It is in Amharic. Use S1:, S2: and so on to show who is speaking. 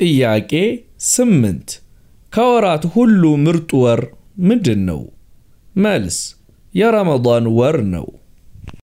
S1: ጥያቄ ስምንት ከወራት ሁሉ ምርጡ ወር ምንድን ነው? መልስ የረመዳን ወር ነው።